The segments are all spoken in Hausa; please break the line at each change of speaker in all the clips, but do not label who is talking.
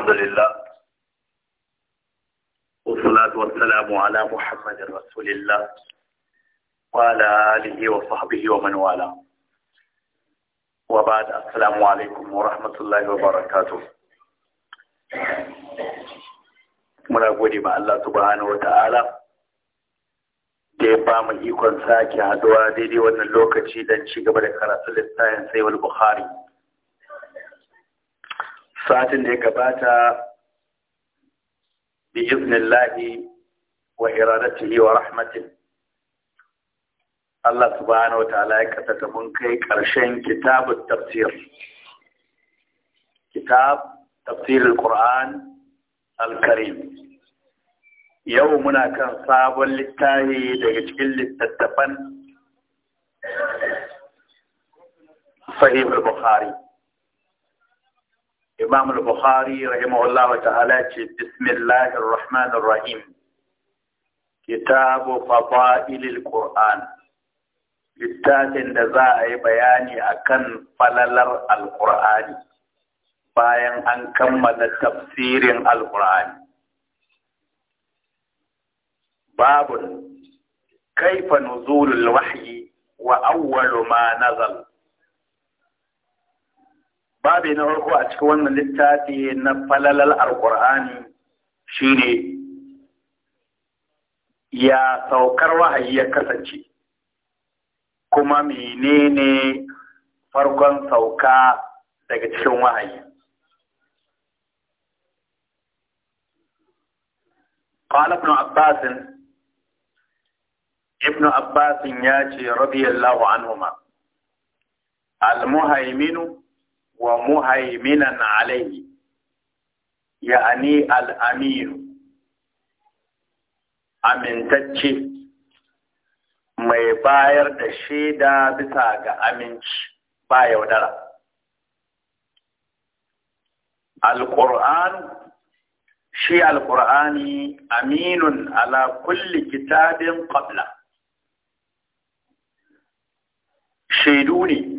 الحمد لله والصلاة والسلام على محمد رسول الله وعلى آله وصحبه ومن والاه وبعد السلام عليكم ورحمة الله وبركاته muna gode ma Allah subhanahu wata'ala da ya ba mu ikon sake haduwa daidai wannan lokaci don ci gaba da karatun littafin sai wal Bukhari satin da ya gabata bi iznillahi wa iradatihi wa rahmatin Allah subhanahu wa ta'ala ya kasata mun kai ƙarshen kitabun tafsir kitab tafsir al-Qur'an al-Karim yau muna kan sabon littafi daga cikin littattafan sahih al-Bukhari Imam al-Bukhari rahimahullahu ta'ala ce bismillahir rahmanir rahim kitabu fadailil Qur'an littafin da za a yi bayani akan falalar Al-Qur'ani, bayan an kammala tafsirin alqur'ani babun kaifa nuzulul wahyi wa awwalu ma nazala Babi na farko a cikin wannan littafi na falalal alkur'ani shine ya saukar wahayi ya kasance kuma menene farkon sauka daga cikin wahayi قال ابن عباس ابن عباس ياتي رضي الله عنهما المهيمن wa muhaiminan alaihi ya'ani al'aminu amintacce mai bayar da shaida bisa ga aminci ba yaudara. Al'ur'an shi Al'ur'ani aminun ala kulli kitabin qabla. Shaidu ne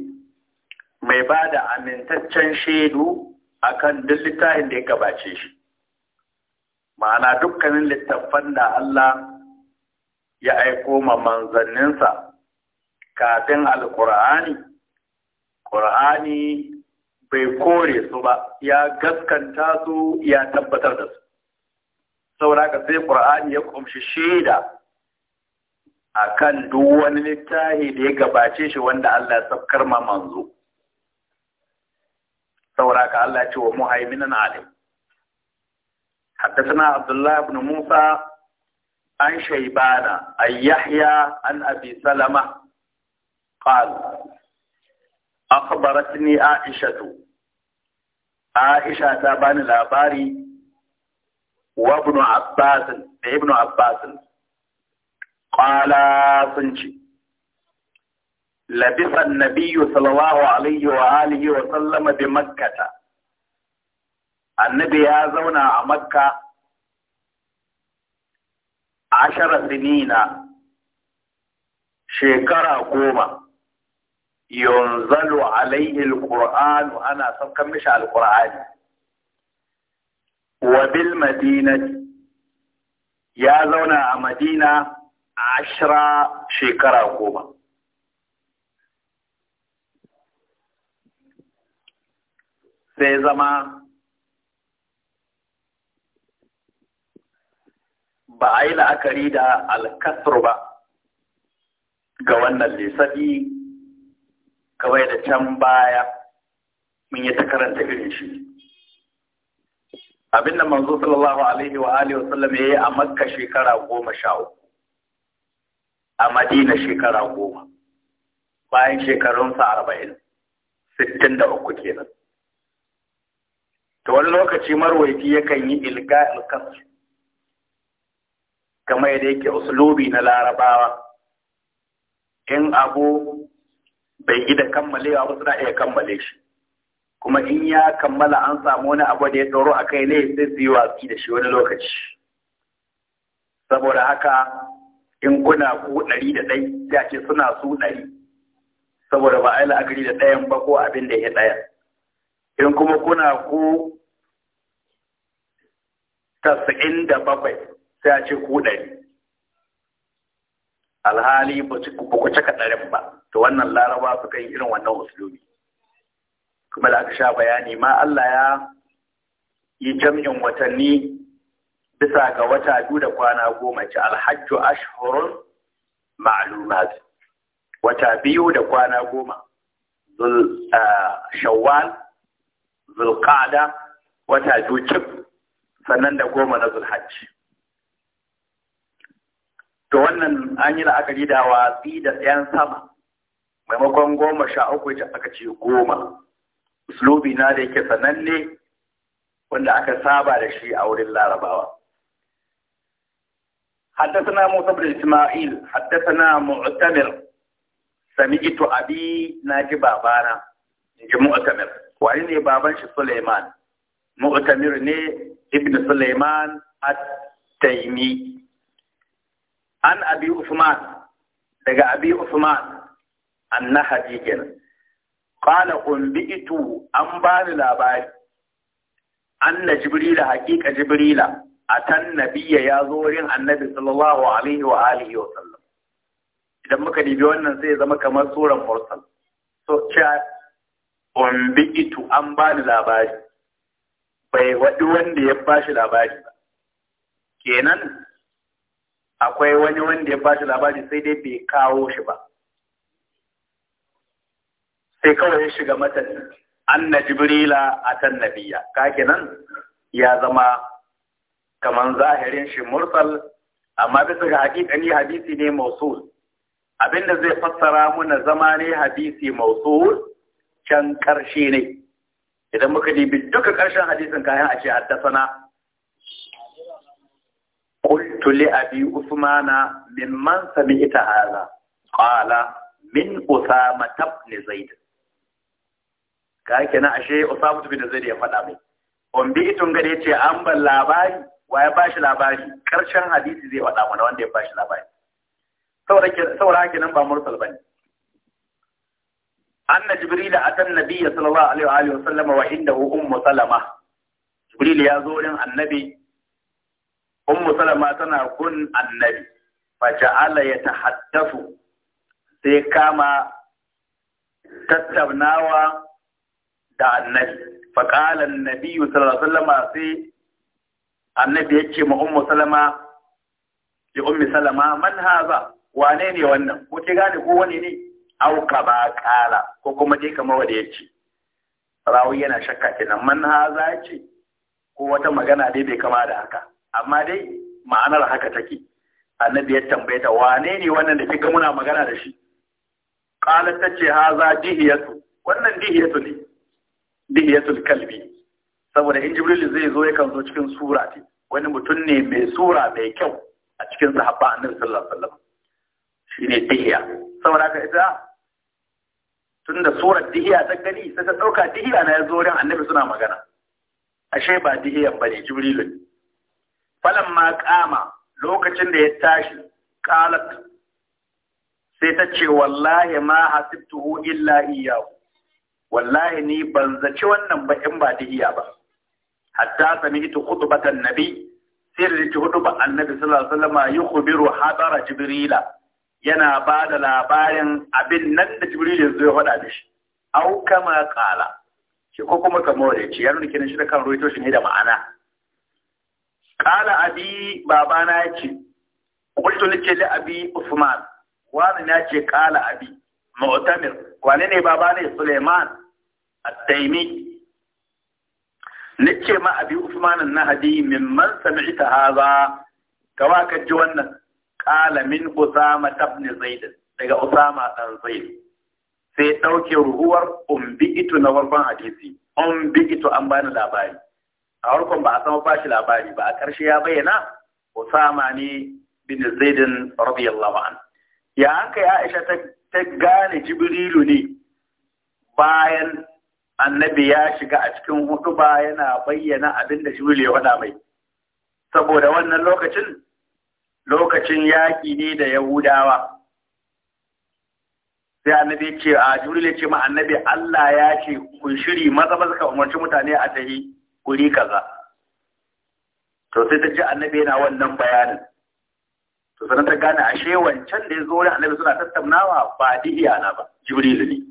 mai ba da amintaccen shaidu akan duk littafin da ya gabace shi ma'ana dukkanin littattafan da Allah ya aiko ma manzanninsa kafin alkur'ani ƙur'ani bai kore su ba ya gaskanta su ya tabbatar da su saboda ka sai ƙur'ani ya kumshi shaida akan duk wani littafi da ya gabace shi wanda Allah ya saukar ma manzo sauraka Allah ce wa muhaiminan حدثنا عبد الله بن موسى عن شيبان عن يحيى عن أبي سلمة قال أخبرتني عائشة عائشة تابان الأباري وابن عباس ابن عباس قال سنجي لبث النبي صلى الله عليه وآله وسلم بمكة النبي يا زونا مكة عشر سنين شكرا قوما ينزل عليه القرآن وأنا مش على القرآن وبالمدينة يا زونا مدينة عشر شكرا قوما sai zama ba a yi la'akari da alkasar ba ga wannan lissafi kawai da can baya mun yi ta karanta irin shi abin da manzo sallallahu alaihi wa alihi wa sallam yayi a makka shekara goma sha uku a madina shekara goma bayan shekarunsa arba'in sittin da uku kenan ta wani lokaci marwaiti yakan yi ilga ilkas kama yadda yake usulobi na larabawa in abu bai yi da kammalewa ba suna iya kammale shi kuma in ya kammala an samu wani abu da ya tsoro a kai ne sai su yi watsi da shi wani lokaci saboda haka in kuna ku ɗari da ɗai ya ce suna su ɗari saboda ba a yi la'akari da ɗayan ba ko abin da ya ɗaya in kuma kuna ku tasa'in da bakwai sai a ce ku ɗari alhali ba ku cika ɗarin ba to wannan laraba su yi irin wannan usulubi kuma da aka sha bayani ma Allah ya yi jam'in watanni bisa ga wata biyu da kwana goma ce alhajju ashhurun ma'lumat wata biyu da kwana goma ah, shawwal zulqa'da wata biyu sannan da goma na zulhajji to wannan an yi la'akari da watsi da tsayan sama maimakon goma sha uku ita aka ce goma uslubi na da yake sananne wanda aka saba da shi a wurin larabawa حدثنا موسى بن اسماعيل حدثنا معتمر سمعت ابي ناجي بابانا نجي معتمر wani ne baban shi Suleiman Mu'tamir ne ibn Suleiman at-Taymi an Abi Usman daga Abi Usman annahaji kenan qala umbitu an bani labari anna jibrila haqiqa jibrila atan nabiyya ya zo wurin annabi sallallahu alaihi wa alihi wa sallam idan muka dibi wannan zai zama kamar suran mursal so on bi itu an ba ni labari bai waɗi wanda ya ba shi labari ba kenan akwai wani wanda ya ba shi labari sai dai bai kawo shi ba sai kawai ya shiga matan anna jibrila a na nabiya ka kenan ya zama kaman zahirin shi mursal amma bisa ga hakikani hadisi ne mausul abinda zai fassara muna zama ne hadisi mausul can ƙarshe ne idan muka dibi duka ƙarshen hadisin kayan a ce haddasana sami ita عثمان ممن min هذا قال من أسامة بن Ka kake na ashe Usama da Zaid ya faɗa mai on bi itun gare ce an ban labari wa ya shi labari karshen hadisi zai faɗa mana wanda ya ba shi labari saboda saboda nan ba mursal ne. anna jibril atan nabiyyi sallallahu alaihi wa alihi wasallam wa indahu ummu salama jibril ya zo ni annabi ummu salama tana kun annabi fa ja'ala yatahaddathu sai kama tattaunawa da annabi fa qala annabi sallallahu sai annabi yace ma ummu salama li ummi salama man haza wannan ko gane ko wani ne auka ba kala ko kuma dai kamar wanda ya ce rawi yana shakka kenan man haza ce ko wata magana dai bai kama da haka amma dai ma'anar haka take annabi ya tambaye ta wane ne wannan da kika muna magana da shi qala ta ce haza dihiyatu wannan dihiyatu ne dihiyatul kalbi saboda in jibril zai zo yakan zo cikin sura ce wani mutum ne mai sura mai kyau a cikin sahabba annabi sallallahu alaihi wasallam shine dihiya saboda haka ita tun da surar dihiya ta gani sai ta ɗauka dihiya na ya zo wurin annabi suna magana ashe ba dihiyan ba ne jibrilu ne falan ma kama lokacin da ya tashi qalat sai ta ce wallahi ma hasibtuhu illa iyyahu wallahi ni ban zaci wannan ba in ba dihiya ba hatta sami'tu khutbatan nabi sai da ji hudu ba annabi sallallahu alaihi wasallam yukhbiru hadara jibrila yana ba da labarin abin nan da jibril zo ya faɗa shi au kama kala shi ko kuma kamar da ce ya nuna kenan shi da kan ruwaito shi ne da ma'ana kala abi babana ya ce kultu nake da abi usman wani na ce kala abi mu'tamir wani ne ne? suleiman at-taimi nake ma abi usman an-nahdi mimman sami'ta hadha kawa ka ji wannan Ƙalamin min usama ibn zaid daga usama dan zaid sai dauke ruhuwar ito na farkon hadisi umbiitu an bani labari a harkon ba a san ba shi labari ba a karshe ya bayyana usama ne bin zaid radiyallahu an ya haka aisha ta gane jibrilu ne bayan annabi ya shiga a cikin hutuba yana bayyana abin da Jibrilu ya faɗa mai
saboda wannan
lokacin lokacin yaƙi ne da Yahudawa. Sai annabi ce a Jibril ya ce ma annabi Allah ya ce kun shiri maza maza ka umarci mutane a tahi wuri kaza. To sai ta ce annabi yana wannan bayanin. To sanar ta gane ashe wancan da ya zo annabi suna tattaunawa ba dihiya na ba ne.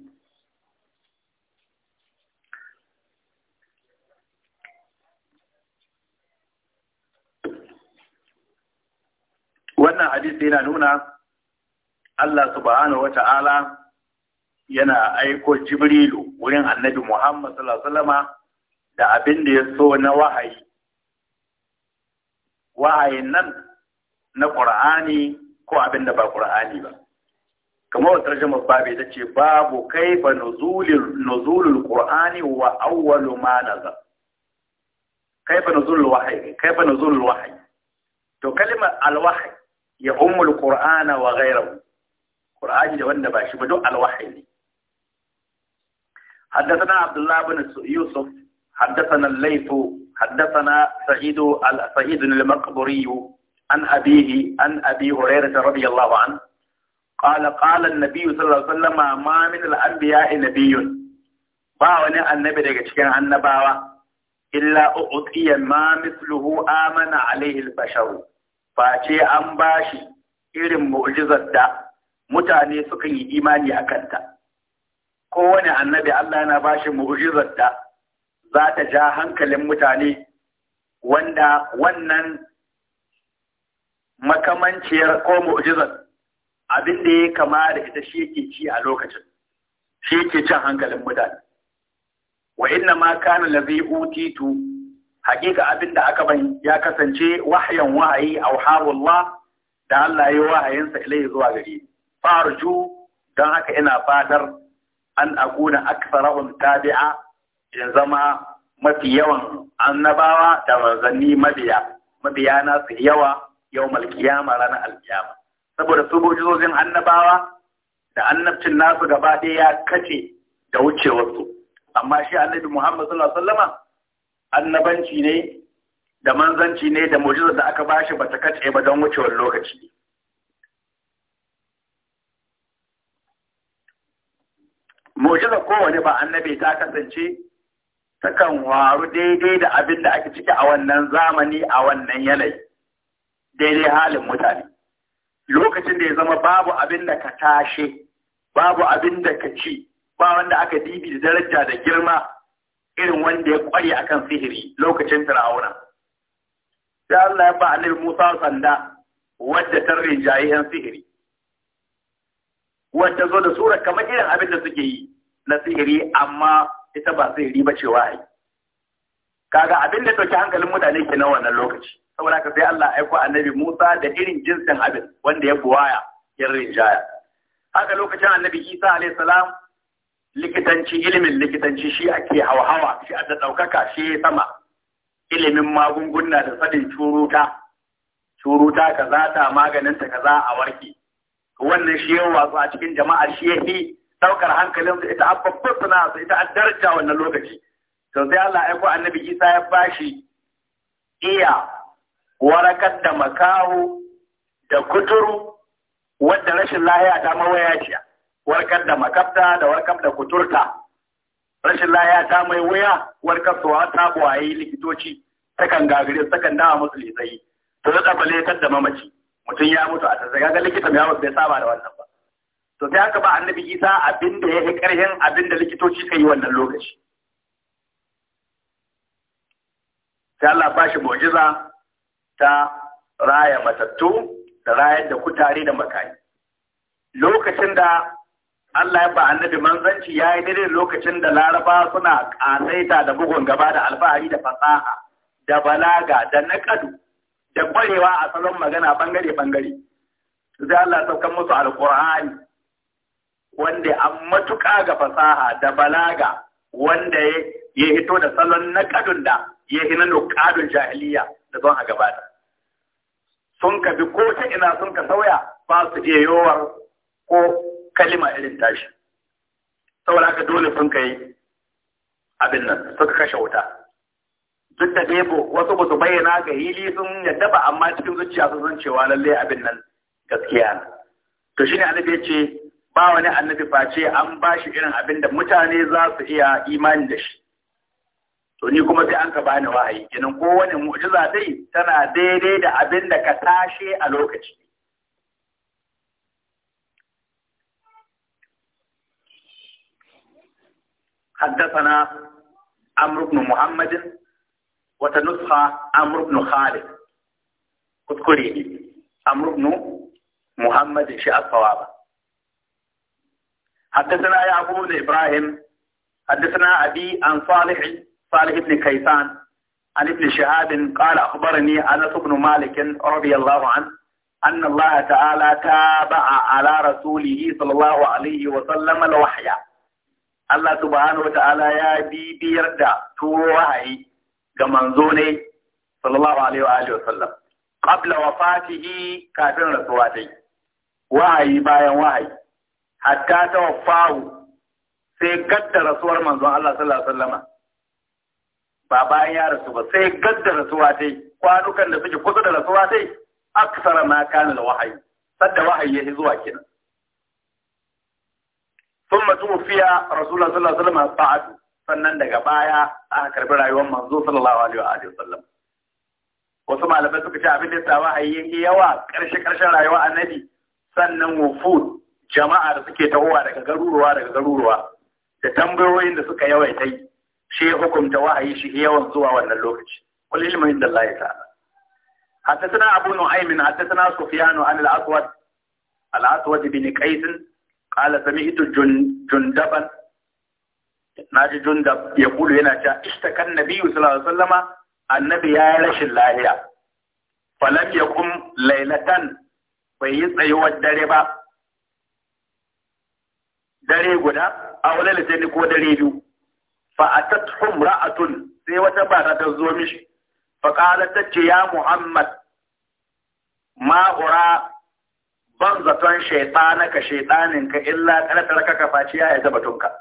wannan hadisi yana nuna Allah subhanahu wata'ala yana aiko Jibrilu wurin Annabi Muhammad sallallahu alaihi da abin da ya so na wahayi wahayin nan na Qur'ani ko abin da ba Qur'ani ba kamar wata tarjumar babu ita ce babu kaifa nuzulul nuzulul Qur'ani wa awwalu ma nazal kaifa nuzulul wahyi kaifa nuzulul wahyi to kalimar alwahyi يوم القرآن وغيره القرآن جوان نباشي بدو الوحي لي. حدثنا عبد الله بن يوسف حدثنا الليث حدثنا سعيد سعيد المقبري عن أبيه عن أبي هريرة رضي الله عنه قال قال النبي صلى الله عليه وسلم ما من الأنبياء نبي باوني النبي دقيت كان النبي إلا أعطي ما مثله آمن عليه البشر face an bashi irin mu'jizar da mutane sukan yi imani a kanta kowane annabi Allah yana bashi mu'jizar da za ta ja hankalin mutane wanda wannan makamanciyar ko mu'jizar abin da ya kama da ita shi yake ci a lokacin shi ke cin hankalin mutane wa inna ma kana lazi utitu hakika abin da aka ban ya kasance wahyan wahayi a wahawullah da Allah ya wahayinsa ilai zuwa gari farju don haka ina fatar an akuna aksarahum tabi'a in zama mafi yawan annabawa da manzanni mabiya mabiya na su yawa yau malkiyama ranar alkiyama saboda su bujizozin annabawa da annabcin nasu gaba ɗaya ya kace da wucewarsu amma shi annabi muhammad sallallahu alaihi wasallama annabanci ne da manzanci ne da mu'jizar da aka bashi ta kace ba don wucewar lokaci mu'jizar kowane ba annabi ta kasance takan waru daidai da abin da ake ciki a wannan zamani a wannan yanayi daidai halin mutane lokacin da ya zama babu abin da ka tashe babu abin da ka ci ba wanda aka dibi da daraja da girma irin wanda ya kware akan sihiri lokacin fir'auna sai Allah ya ba annabi Musa sanda wadda ta rinjaye yan sihiri wadda zo da sura kamar irin abin da suke yi na sihiri amma ita ba sihiri ba cewa ai kaga abin da dauki hankalin mutane ke na wannan lokaci saboda ka sai Allah ya aiko annabi Musa da irin jinsin abin wanda ya buwaya ya rinjaya haka lokacin annabi Isa alaihi salam likitanci ilimin likitanci shi ake hauhawa shi a ɗaukaka shi ya sama ilimin magunguna da tsadin curuta curuta kaza ta maganinta kaza a warke wannan shi yau wasu a cikin jama'a shi ya fi ɗaukar hankalin su ita babbar suna su ita a daraja wannan lokaci to sai Allah ya ko annabi Isa ya bashi iya warakar da makaho da kuturu wadda rashin lahiya ta mawayaciya warkar da makabta da warkar da kuturta rashin laya ta mai wuya warkar suwa ta buwaye likitoci takan gagare takan dawa musu litsayi to da tsabaletar da mamaci mutum ya mutu a tsaye ga likita mai yawon bai saba da wannan ba to sai aka ba annabi isa abin da ya fi karhin abin da likitoci ka yi wannan lokaci sai Allah ba shi mu'jiza ta raya matattu da rayar da kutare da makayi lokacin da Allah ya ba annabi manzanci ya yi daidai lokacin da laraba suna ƙasaita da bugun gaba da alfahari da fasaha da balaga da naƙadu da ƙwarewa a salon magana bangare-bangare. Sai Allah saukan musu alƙur'ani wanda an matuƙa ga fasaha da balaga wanda ya hito da salon naƙadun da ya hina nuƙadun jahiliya da zon a gabata. Sun ka bi ko ta ina sun ka sauya ba su iya yowar ko kalima irin tashi saboda haka dole sun kai abin nan suka kashe wuta duk da dai wasu ba su bayyana ga hili sun yadda ba amma cikin zuciya sun san cewa lallai abin nan gaskiya ne to shine annabi ya ce ba wani annabi face an ba shi irin abin da mutane za su iya imani da shi. To ni kuma sai an ka bani wa'ayi kenan kowane mu'jiza dai tana daidai da abin da ka tashe a lokaci. حدثنا عمرو بن محمد وتنسخ عمرو بن خالد اذكري عمرو بن محمد شاء الصواب حدثنا يعقوب بن إبراهيم حدثنا أبي عن صالح صالح بن كيسان عن ابن شهاب قال أخبرني أنس بن مالك رضي الله عنه أن الله تعالى تابع على رسوله صلى الله عليه وسلم الوحي Allah subhanahu wata'ala ya bibiyar da turo wahayi ga manzo ne sallallahu alaihi wa alihi wasallam qabla wafatihi kafin rasuwa dai wahayi bayan wahayi hatta ta tawaffahu sai gadda rasuwar manzo Allah sallallahu alaihi wasallama ba bayan ya rasu ba sai gadda rasuwa dai kwanukan da suke kusa da rasuwa dai aksara ma kana da wahayi sadda wahayi ya zuwa kenan ثم توفي رسول الله صلى الله عليه وسلم بعد sannan daga baya aka karbi rayuwar manzo sallallahu alaihi wa alihi wasallam wasu malamai suka ce abin da ya samu hayyin yawa karshe karshen rayuwa annabi sannan wufud jama'a da suke tahowa daga garuruwa daga garuruwa da tambayoyin da suka yawaita yi shi hukunta wahayi shi yawan zuwa wannan lokaci wal ilmu inda Allah ta'ala حدثنا أبو نعيم حدثنا سفيان عن الأسود الأسود bin قيس sami sami'tu jundaban naji jundab ya kulu yana cewa ishtakan nabiyyu sallallahu alaihi wasallama annabi ya rashin lahiya falam yakum lailatan bai yi tsayuwar dare ba dare guda a wani lisani ko dare biyu fa atathum ra'atun sai wata bata ta zo mishi fa qalat ta ce ya muhammad maura ban zaton shaitanaka shaitaninka illa ƙarƙarka ka faci ya yaza batunka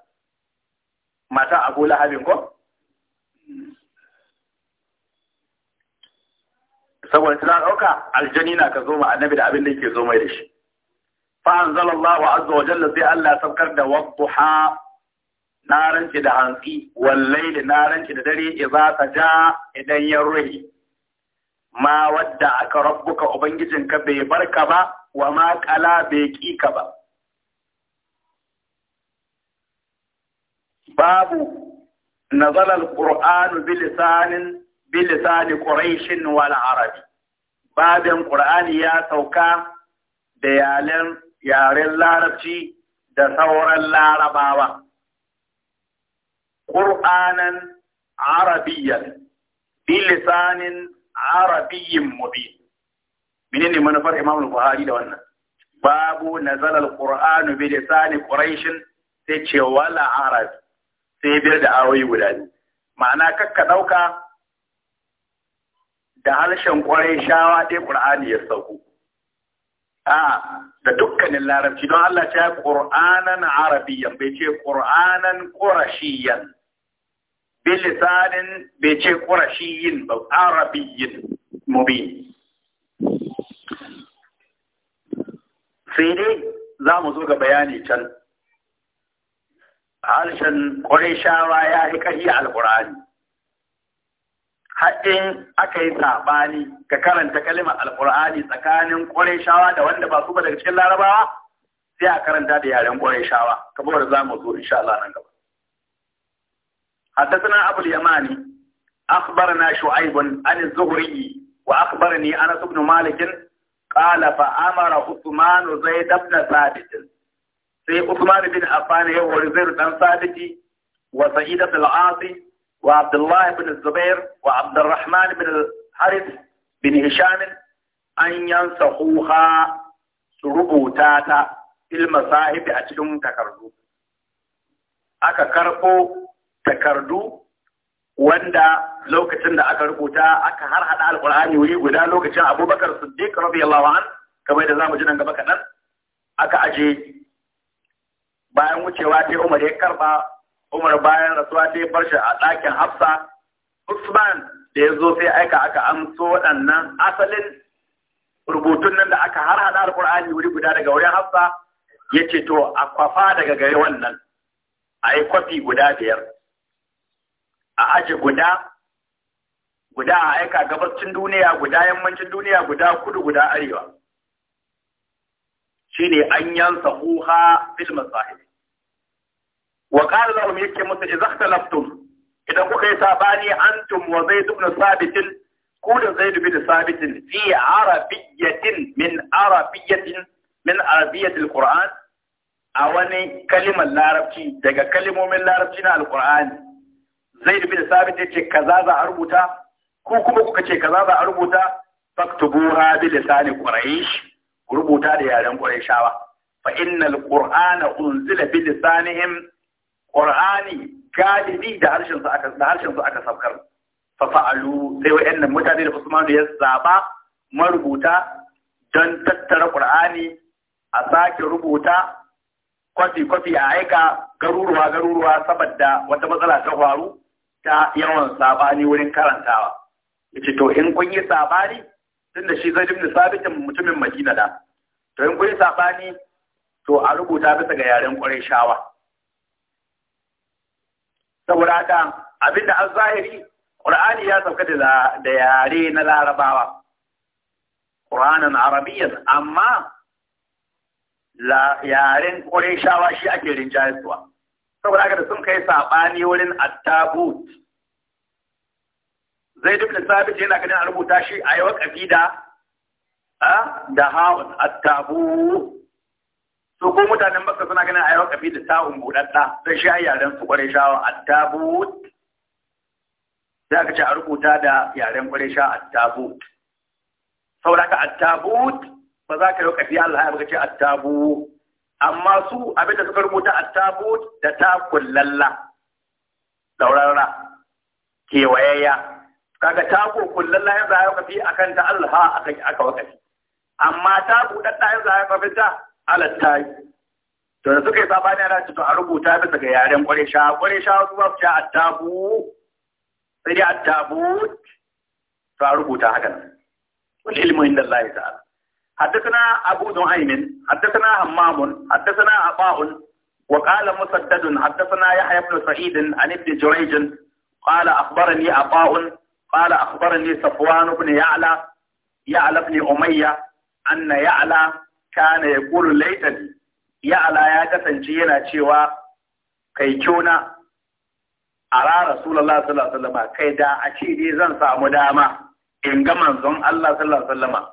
mata abu lahabin ko saboda tana ɗauka aljani na ka zo ma annabi da abin da yake zo mai da shi fa anzalallahu azza wa jalla sai Allah saukar da wadduha na ranci da hantsi wallaili na ranci da dare za ta ja idan ya ruhi ma wadda aka rabbuka ubangijinka bai barka ba wa ma kala bai ki ka ba babu nazal al bi lisanin bi lisani quraish wal arabi babin ƙur'ani ya sauka da yalen yaren larabci da sauran larabawa qur'anan arabiyyan bi lisanin arabiyyin mubin menene manufar Imam Al-Bukhari da wannan babu al-Qur'an bi lisan Quraysh sai ce wala arab sai biyar da ayoyi guda biyu ma'ana kakka dauka da harshen quraishawa dai qur'ani ya sauko a da dukkanin larabci don Allah ta yi qur'anan arabiyyan bai ce qur'anan qurashiyyan bi lisan bai ce qurashiyyin ba arabiyyin mubin sai dai za mu zo ga bayani can harshen shawa ya yi ƙari a alƙur'ani haɗin aka yi saɓani ga karanta kalimar alƙur'ani tsakanin shawa da wanda ba su ba daga cikin larabawa sai a karanta da yaren shawa kamar da za mu zo insha Allah nan gaba na أبو اليماني أخبرنا شعيب wa الزهري وأخبرني أنس بن malikin? qala fa amara Uthman Zaid ibn Thabit sai Uthman bin Affan ya hori Zaid dan wa Sa'id ibn al wa Abdullah ibn Zubair wa Abdurrahman ibn al-Harith bin Hisham an yansahuha su rubuta ta fil masahib a cikin takardu aka karɓo takardu wanda lokacin da aka rubuta aka har hada alkur'ani wuri guda lokacin abubakar siddiq radiyallahu an kamar da zamu ji nan gaba kaɗan aka aje bayan wucewa sai umar ya karba umar bayan rasuwa sai yi a ɗakin hafsa usman da ya zo sai aika aka amso waɗannan asalin rubutun nan da aka har hada alkur'ani wuri guda daga wurin hafsa ya ce to a kwafa daga gari wannan a yi kwafi guda biyar a aje guda guda a aika gabacin duniya guda yammacin duniya guda kudu guda arewa shine an yansa uha fil masahib wa qala lahum yake musu idza ikhtalaftum idan kuka yi sabani antum wa zaid ibn sabit ku da zaid ibn sabit fi arabiyyatin min arabiyyatin min arabiyyatil qur'an a wani kalimar larabci daga kalimomin larabci na alqur'ani zaid ibn sabit yace kaza za a rubuta ko kuma kuka ce kaza ba a rubuta faktubuha bi lisani quraish rubuta da yaren quraishawa fa innal qur'ana unzila bi lisanihim qur'ani galibi da harshen su aka da harshen su aka sabkar fa fa'alu sai wayannan mutane da Usman ya zaba marubuta don tattara qur'ani a sake rubuta kwafi kwafi a aika garuruwa garuruwa saboda wata matsala ta faru ta yawan sabani wurin karantawa yace to in kun yi sabani tunda shi zai ibn Sabit mutumin Madina da to in kun yi sabani to a rubuta bisa ga yaren Qurayshawa saboda haka abinda an zahiri Qur'ani ya sauka da da yare na Larabawa Qur'anan Arabiyyan amma la yaren Qurayshawa shi ake rinjayarwa saboda haka da sun kai sabani wurin at-tabut zai dukkan sabit yana ganin a rubuta shi a yawan kafida da hawan attabu su ko mutanen baka suna ganin a yawan kafida ta'un buɗaɗɗa sai shi ai yaren su kwarai shawa attabu za ka ce a rubuta da yaren kwarai sha attabu saboda ka attabu ba za ka yi kafi Allah ya baka ce attabu amma su abinda suka rubuta attabu da ta kullalla daurara kewayayya kaga tago kullun lahin za ya kafi akan ta Allah ha aka aka wakafi amma ta buɗa ta yin za ya kafi ta alatta to da suka yi sabani ana to a rubuta bisa ga yaren ƙware sha ƙware sha su ba su sha attabu sai dai attabu to a rubuta haka nan wani ilmu inda Allah ya ta'ala حدثنا أبو نعيم حدثنا همام حدثنا عطاء وقال مسدد حدثنا يحيى بن سعيد عن ابن جريج قال أخبرني عطاء قال أخبرني صفوان بن يعلى يعلى بن أمية أن يعلى كان يقول ليتني يعلى يا كسنجينا تشيوا كيكونا على رسول الله صلى الله عليه وسلم كيدا أشيدي زن سامداما إن كما زن الله صلى الله عليه وسلم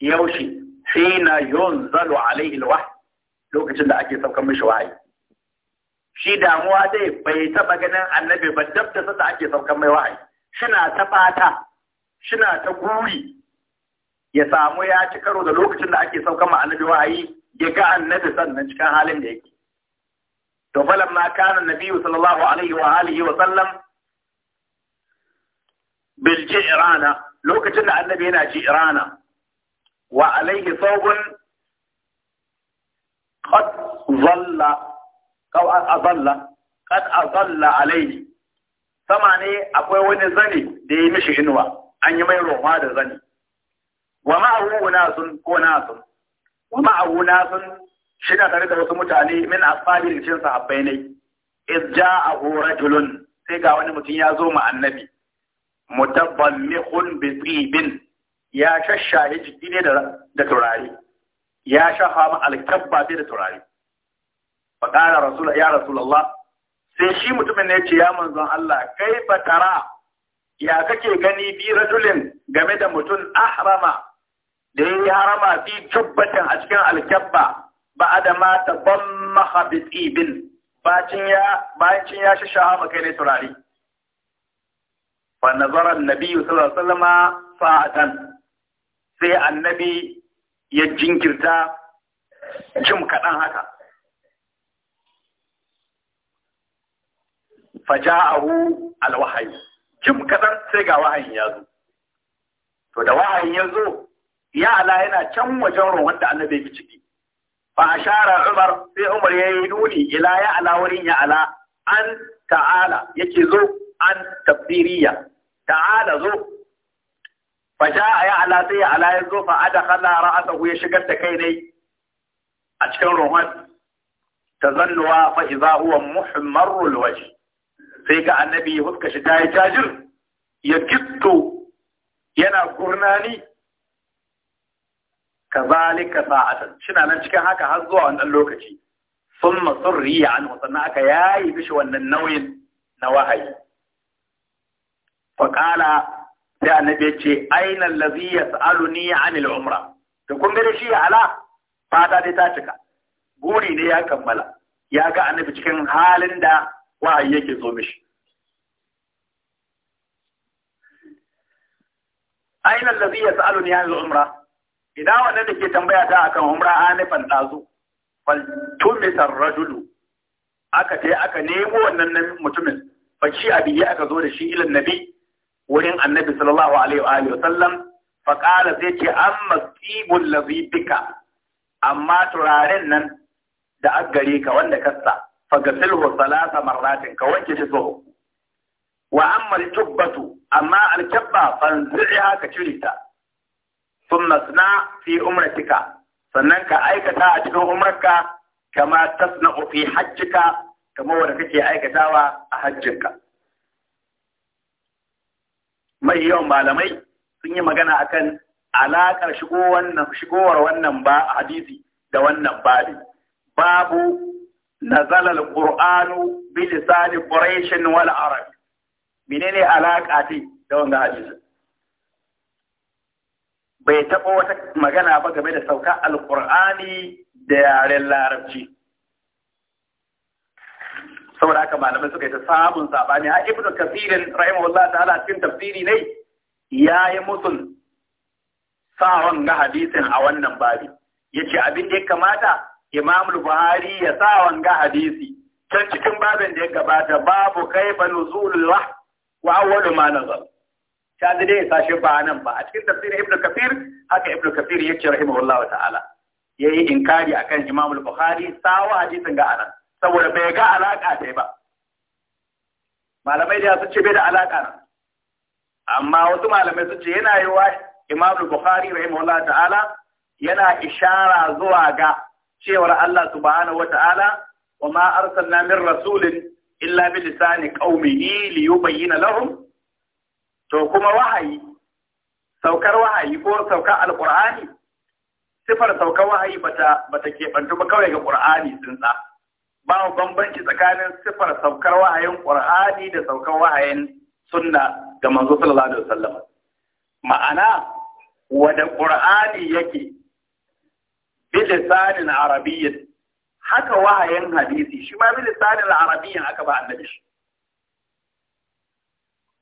يوشي حين ينزل عليه الوحي lokacin da ake saukan mishi wahayi shi damuwa dai bai taba ganin annabi ba dab da sanda ake saukan mai wahayi suna ta fata suna ta guri ya samu ya ci karo da lokacin da ake saukan ma annabi wa'ayi ya ga annabi sannan cikin halin da yake to falamma kana nabiyyu sallallahu alaihi wa alihi wa sallam bil jirana lokacin da annabi yana jirana wa alaihi thawbun qad dhalla qaw adalla qad adalla alaihi sama ne akwai wani zani da ya mishi inuwa an yi mai roma da zani wa ma'ahu sun? ko na sun wa ma'ahu sun shi na tare da wasu mutane min ashabi da cikin sahabbai ne iz ja'ahu rajulun sai ga wani mutum ya zo ma annabi mutabammihun bi tibin ya jiki ne da turare ya shafa ma alkabba da turare fa qala rasul ya rasulullah sai shi mutumin ne ce ya manzon Allah kai batara ya kake gani bi rajulin game da mutum ahrama da yayi harama fi jubbatin a cikin alkabba ba adama ta bamma habitibin bacin ya bacin ya shi shahama kai ne turare fa nazara Nabi sallallahu alaihi wasallama sai annabi ya jinkirta jim kaɗan haka faja'ahu alwahayi jim kadan sai ga wahayin ya zo to da wahayin ya zo ya ala yana can wajen ruwan da annabi yake ciki fa ashara umar sai umar yayi nuni ila ya ala wurin ya ala an ta'ala yake zo an tabbiriya ta'ala zo faja'a ya ala sai ya ala ya zo fa adakhala ra'sahu ya shigar da kai dai. a cikin ruwan tazannuwa fa idza huwa muhammarul wajh sai ga annabi ya huska shi ta yi jajir ya kitto yana gurnani ka zalika sa'atan shina nan cikin haka har zuwa wannan lokaci sun riya an sannan aka yayi bishi wannan nauyin na wahayi faƙala sai annabi ce aina allazi yas'aluni anil umra Da kun ga shi ala fata dai ta cika buri ne ya kammala ya ga annabi cikin halin da wa'ayi yake zo mishi aina ya sa’alu ni yanzu umra idan waɗanda da ke tambaya ta akan umra ɗazu? Bal fal tumita rajulu aka tai aka nemo wannan mutumin fashi a ya aka zo da shi ilan nabi wurin annabi sallallahu alaihi wa sallam faƙala zai ce an tibul ladhi bika amma turaren nan da aggare ka wanda kasa fagasilhu salasa marratin ka wanke shi sau wa amma tubbatu amma alkabba fanzi'iha ka cire ta thumma sna fi umratika sannan ka aikata a cikin umrarka kama tasna'u fi hajjika kamar wanda kake aikatawa a hajjinka mai yawan malamai sun yi magana akan alaƙar shigowar wannan ba hadisi da wannan babi babu nazala al-qur'anu bi lisani quraish wal arab menene alaka ce da wannan hadisi bai taɓa wata magana ba game da sauka alƙur'ani da yaren larabci saboda haka malamai suka yi ta samun sabani a ibnu kasirin rahimahullah ta'ala cikin tafsiri ne yayi musul sa'on na hadisin a wannan babi yace abin da ya kamata Imam Buhari ya sa wanga hadisi can cikin babin da ya gabata babu kai kaifa nuzulullah wa awwalu ma nazal ta dai ya sashi ba nan ba a cikin tafsirin Ibn Kathir haka Ibn Kathir ya ce rahimahullah ta'ala yayi inkari akan Imam Buhari sawa hadisin ga anan saboda bai ga alaka sai ba malamai da su ce bai da alaka nan amma wasu malamai sun ce yana yiwa Imam Bukhari rahimahullah ta'ala yana ishara zuwa ga cewar Allah subhanahu wata'ala wa ma arsalna min rasulin illa bi lisani qaumihi li yubayyana lahum to kuma wahayi saukar wahayi ko saukar alqur'ani sifar saukar wahayi bata bata kebantu ba kawai ga qur'ani sa. ba bambanci tsakanin sifar saukar wahayin qur'ani da saukar wahayin sunna ga manzo sallallahu alaihi wasallam ma'ana wada qur'ani yake bilisanin arabiyyin haka wahayen hadisi shima ma bilisanin arabiyyin aka ba annabi shi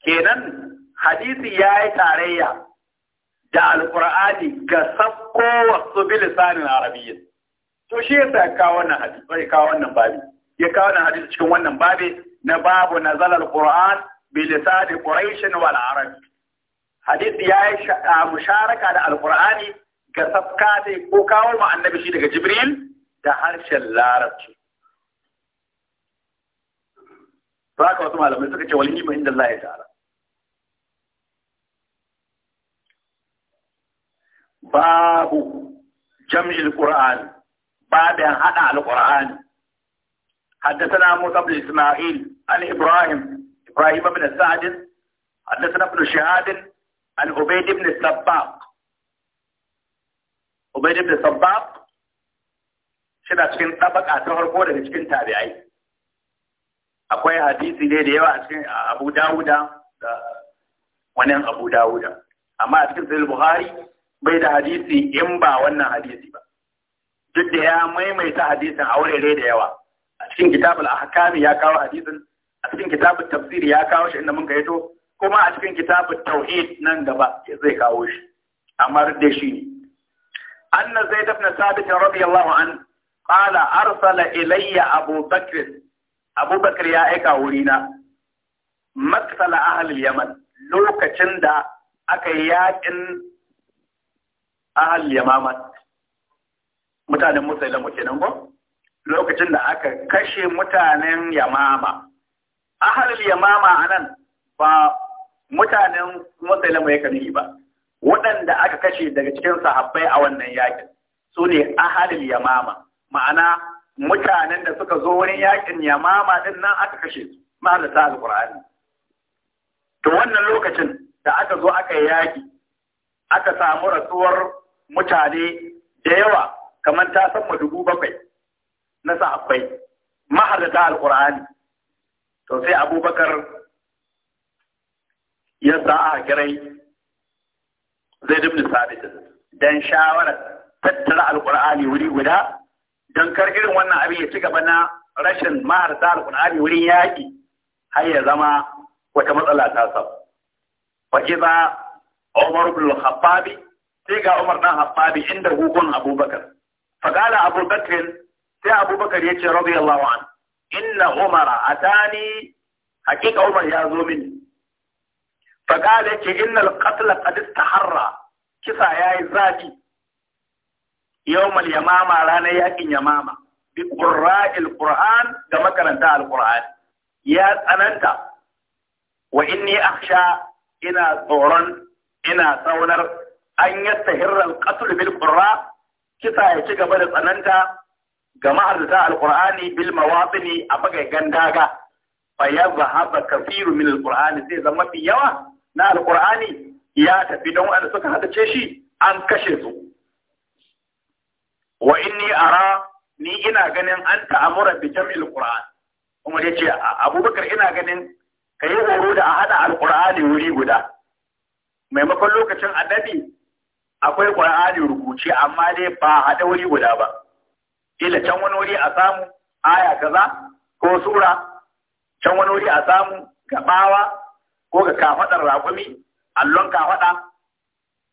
kenan hadisi ya yi tarayya da alqur'ani ga sakko wasu bilisanin arabiyyin to shi ya kawo wannan hadisi ya kawo wannan babi ya kawo wannan hadisi cikin wannan babi na babu nazal alqur'an bilisani quraish hadisi ya yi musharaka da alqur'ani كسبكاتي بوكاول مع النبي شيء دك جبريل دهار شلارك بقى وتم على مثل كي ولي ما عند الله تعالى باب جمع القران باب هذا القران حدثنا موسى بن اسماعيل عن ابراهيم ابراهيم بن سعد حدثنا ابن شهاد عن عبيد بن السباق Ubaid da sabab shida cikin tabaka ta harko daga cikin tabi'ai. Akwai hadisi ne da yawa a cikin Abu Dawuda da wani Abu Dawuda. Amma a cikin Sahih Buhari bai da hadisi in ba wannan hadisi ba. Duk da ya maimaita hadisin wurare da yawa. A cikin kitabul ahkami ya kawo hadisin, a cikin kitabul tafsir ya kawo shi inda mun to, kuma a cikin kitabul tauhid nan gaba zai kawo shi. Amma duk da shi ne. أن زيد بن ثابت رضي الله عنه قال أرسل إلي أبو بكر أبو بكر يا إيكا ورينا مقتل أهل اليمن لو كتندا أكياك إن أهل اليمامة mutanen Musailamu kenan ko lokacin da aka kashe mutanen Yamama ahalul Yamama anan ba mutanen Musailamu ya kanihi ba waɗanda aka kashe daga cikin sahabbai a wannan yakin su ne ahalil yamama ma'ana mutanen da suka zo wurin yaƙin yamama din nan aka kashe su ta alƙur'ani to wannan lokacin da aka zo aka yi yaki aka samu rasuwar mutane da yawa kamar ta sama dubu bakwai na sahabbai ta alƙur'ani to sai abubakar ya sa'a kirai Zai ibn Sabit dan shawarar tattara alkur'ani wuri guda dan kar irin wannan abin ya ci gaba na rashin maharta alkur'ani wurin yaki har ya zama wata matsala ta sa wa idza Umar ibn al-Khattab sai ga Umar dan Khattab inda hukun Abubakar fagala Abubakar sai Abubakar ya radiyallahu anhu inna Umar atani hakika Umar ya zo mini da yake innal qatla qad istaharra kisa yayi zafi yawmal yamama ranar yakin yamama bi qurra'il qur'an da makaranta alqur'ani ya tsananta wa inni akhsha ina tsoron ina tsaunar. an yastahirra alqatl bil qurra kisa ya ci gaba da tsananta ga ma'arzuta alqur'ani bil mawatini a bagaigan daga fa yazhaba kafiru min alqur'ani zai zama fi yawa na alkur'ani ya tafi don wanda suka hadace shi an kashe su wa inni ara ni ina ganin an ta'amura bi jam'il qur'an kuma ya ce abubakar ina ganin ka horo da a hada alkur'ani wuri guda maimakon lokacin annabi akwai qur'ani rubuce amma dai ba hada wuri guda ba Ila can wani wuri a samu aya kaza ko sura can wani wuri a samu gabawa ko ga kafadar raƙumi allon kafada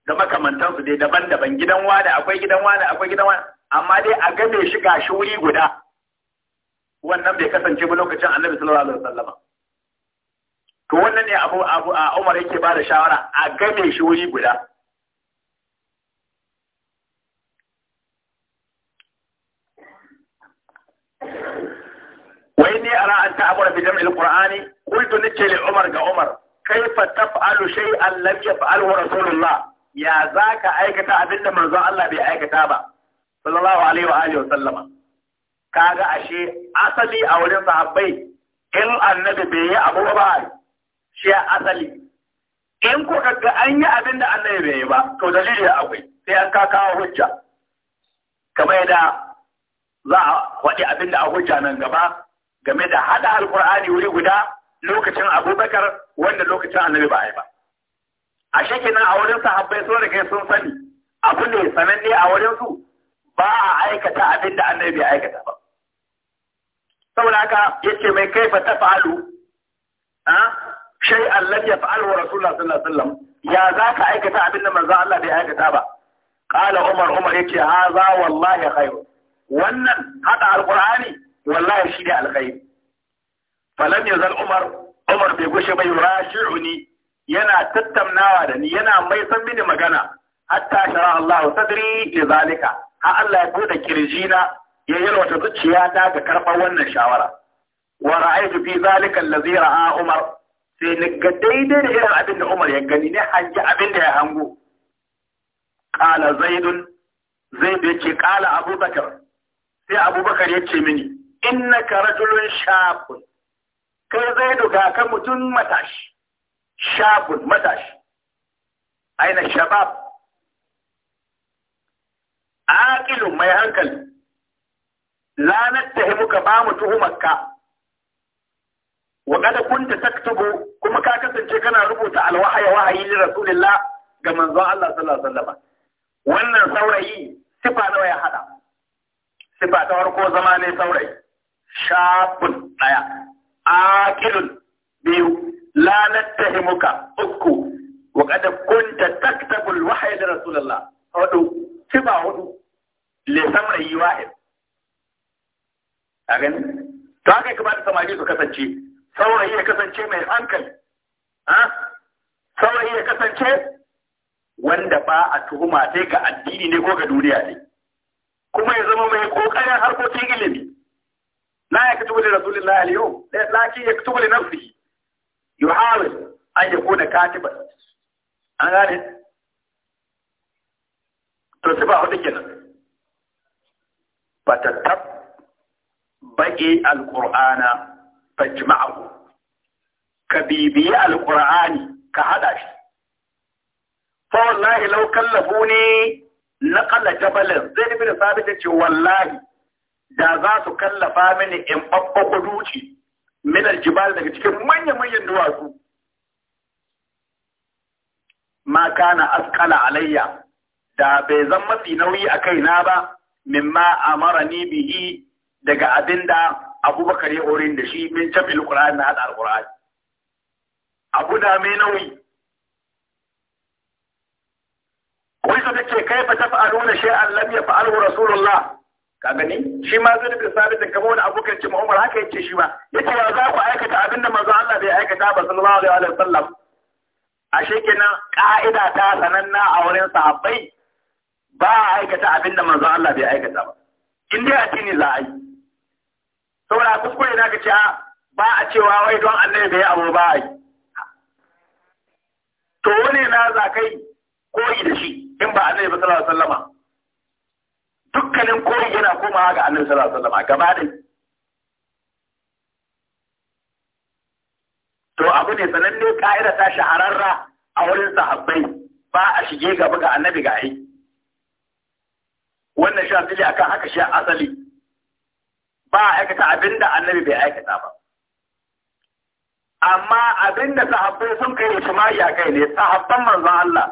da su dai daban-daban gidan wada akwai gidan wada akwai gidan wada amma dai a game shi ga shi wuri guda wannan bai kasance ba lokacin annabi sallallahu alaihi wasallam to wannan ne abu abu a Umar yake ba da shawara a game shi wuri guda wai ni ara an ta'amura bi jam'il qur'ani qultu nace li Umar ga Umar kaifa taf'alu shay'an lam yaf'alhu rasulullah ya zaka aikata abinda manzon Allah bai aikata ba sallallahu alaihi wa alihi wa sallama kaga ashe asali a wurin sahabbai in annabi bai yi abu ba shi asali in ko kaga an yi abinda annabi bai yi ba to dalili akwai sai an ka hujja kamar yadda za a faɗi abinda a hujja nan gaba game da hada alqur'ani wuri guda lokacin abubakar wanda lokacin annabi ba a yi ba a shekinan a wurin sahabbai sun riga sun sani abu ne sananne a wurin su ba a aikata abin da annabi bai aikata ba saboda haka yace mai kai ta tafalu ha shai Allah ya fa'al wa rasulullah sallallahu alaihi wasallam ya ka aikata abin da manzo Allah bai aikata ba qala umar umar yace haza wallahi khair wannan hada alƙur'ani? wallahi shi ne alkhairi falam yazal umar umar bai gushe bai rashi'uni yana tattaunawa da ni yana mai san mini magana hatta shara Allah sadri li zalika har Allah ya bude na ya zuciya ta ga karɓar wannan shawara wa ra'aytu fi zalika allazi ra'a Umar sai ni ga daidai da irin abin da Umar ya gani ne hangi abin da ya hango qala zaidun zaid yace qala abubakar sai abubakar yace mini innaka rajulun shaqun kai zai duga kan mutum matashi shabun matashi aina shabab aqilun mai hankali la nattahimuka ba mu tuhumarka wa kada kunta taktubu kuma ka kasance kana rubuta alwahaya wahayi li rasulillah ga manzo Allah sallallahu alaihi wasallam wannan saurayi sifa nawa ya hada sifa ta farko zama ne saurayi shafin daya aqilun biyu la nattahimuka uku wa kada kunta taktabu al-wahya li rasulillah hudu kiba hudu li samri wahid a gani to haka da samari su kasance saurayi ya kasance mai hankali ha saurayi ya kasance wanda ba a tuhuma sai ga addini ne ko ga duniya ne kuma ya zama mai kokarin harkokin ilimi لا يكتب لرسول الله اليوم لكن يكتب لنفسه يحاول أن يكون كاتبا أنا غالي تصبح هدكنا فتتب بقي القرآن فاجمعه كبيبي القرآن كهداش فوالله لو كلفوني نقل جبل زين بن ثابت والله da za su kallafa mini in babba kuduci minar jibal daga cikin manya-manyan duwatsu ma kana askala alayya da bai zan mafi nauyi a kaina ba mimma mara ni bihi daga abin da abubakar ya orin da shi min jam'il qur'an na hada alqur'an abu da mai nauyi wai su take ta fa'aluna shay'an lam fa'alu rasulullah ka gani shi ma zai duka sabita kamar wani abokan ce Umar haka yace shi ba yace ba za ku aikata abin da manzo Allah bai aikata ba sallallahu alaihi sallam ashe kenan ka'ida ta sananna a wurin sahabbai ba a aikata abin da manzo Allah bai aikata ba in dai addini za a yi saboda kuskure na kace ba a cewa wai don Allah bai abu ba a yi to wani na zakai koyi da shi in ba Allah ya sallallahu alaihi sallama dukkanin koyi yana komawa ga annabi sallallahu alaihi wasallam gaba da to abu ne sananne ka'ida ta shahararra a wurin sahabbai ba a shige gaba ga annabi ga ai wannan sha fili akan haka shi asali ba a aikata abinda annabi bai aikata ba amma abinda sahabbai sun kai ijma'i a kai ne sahabban manzo Allah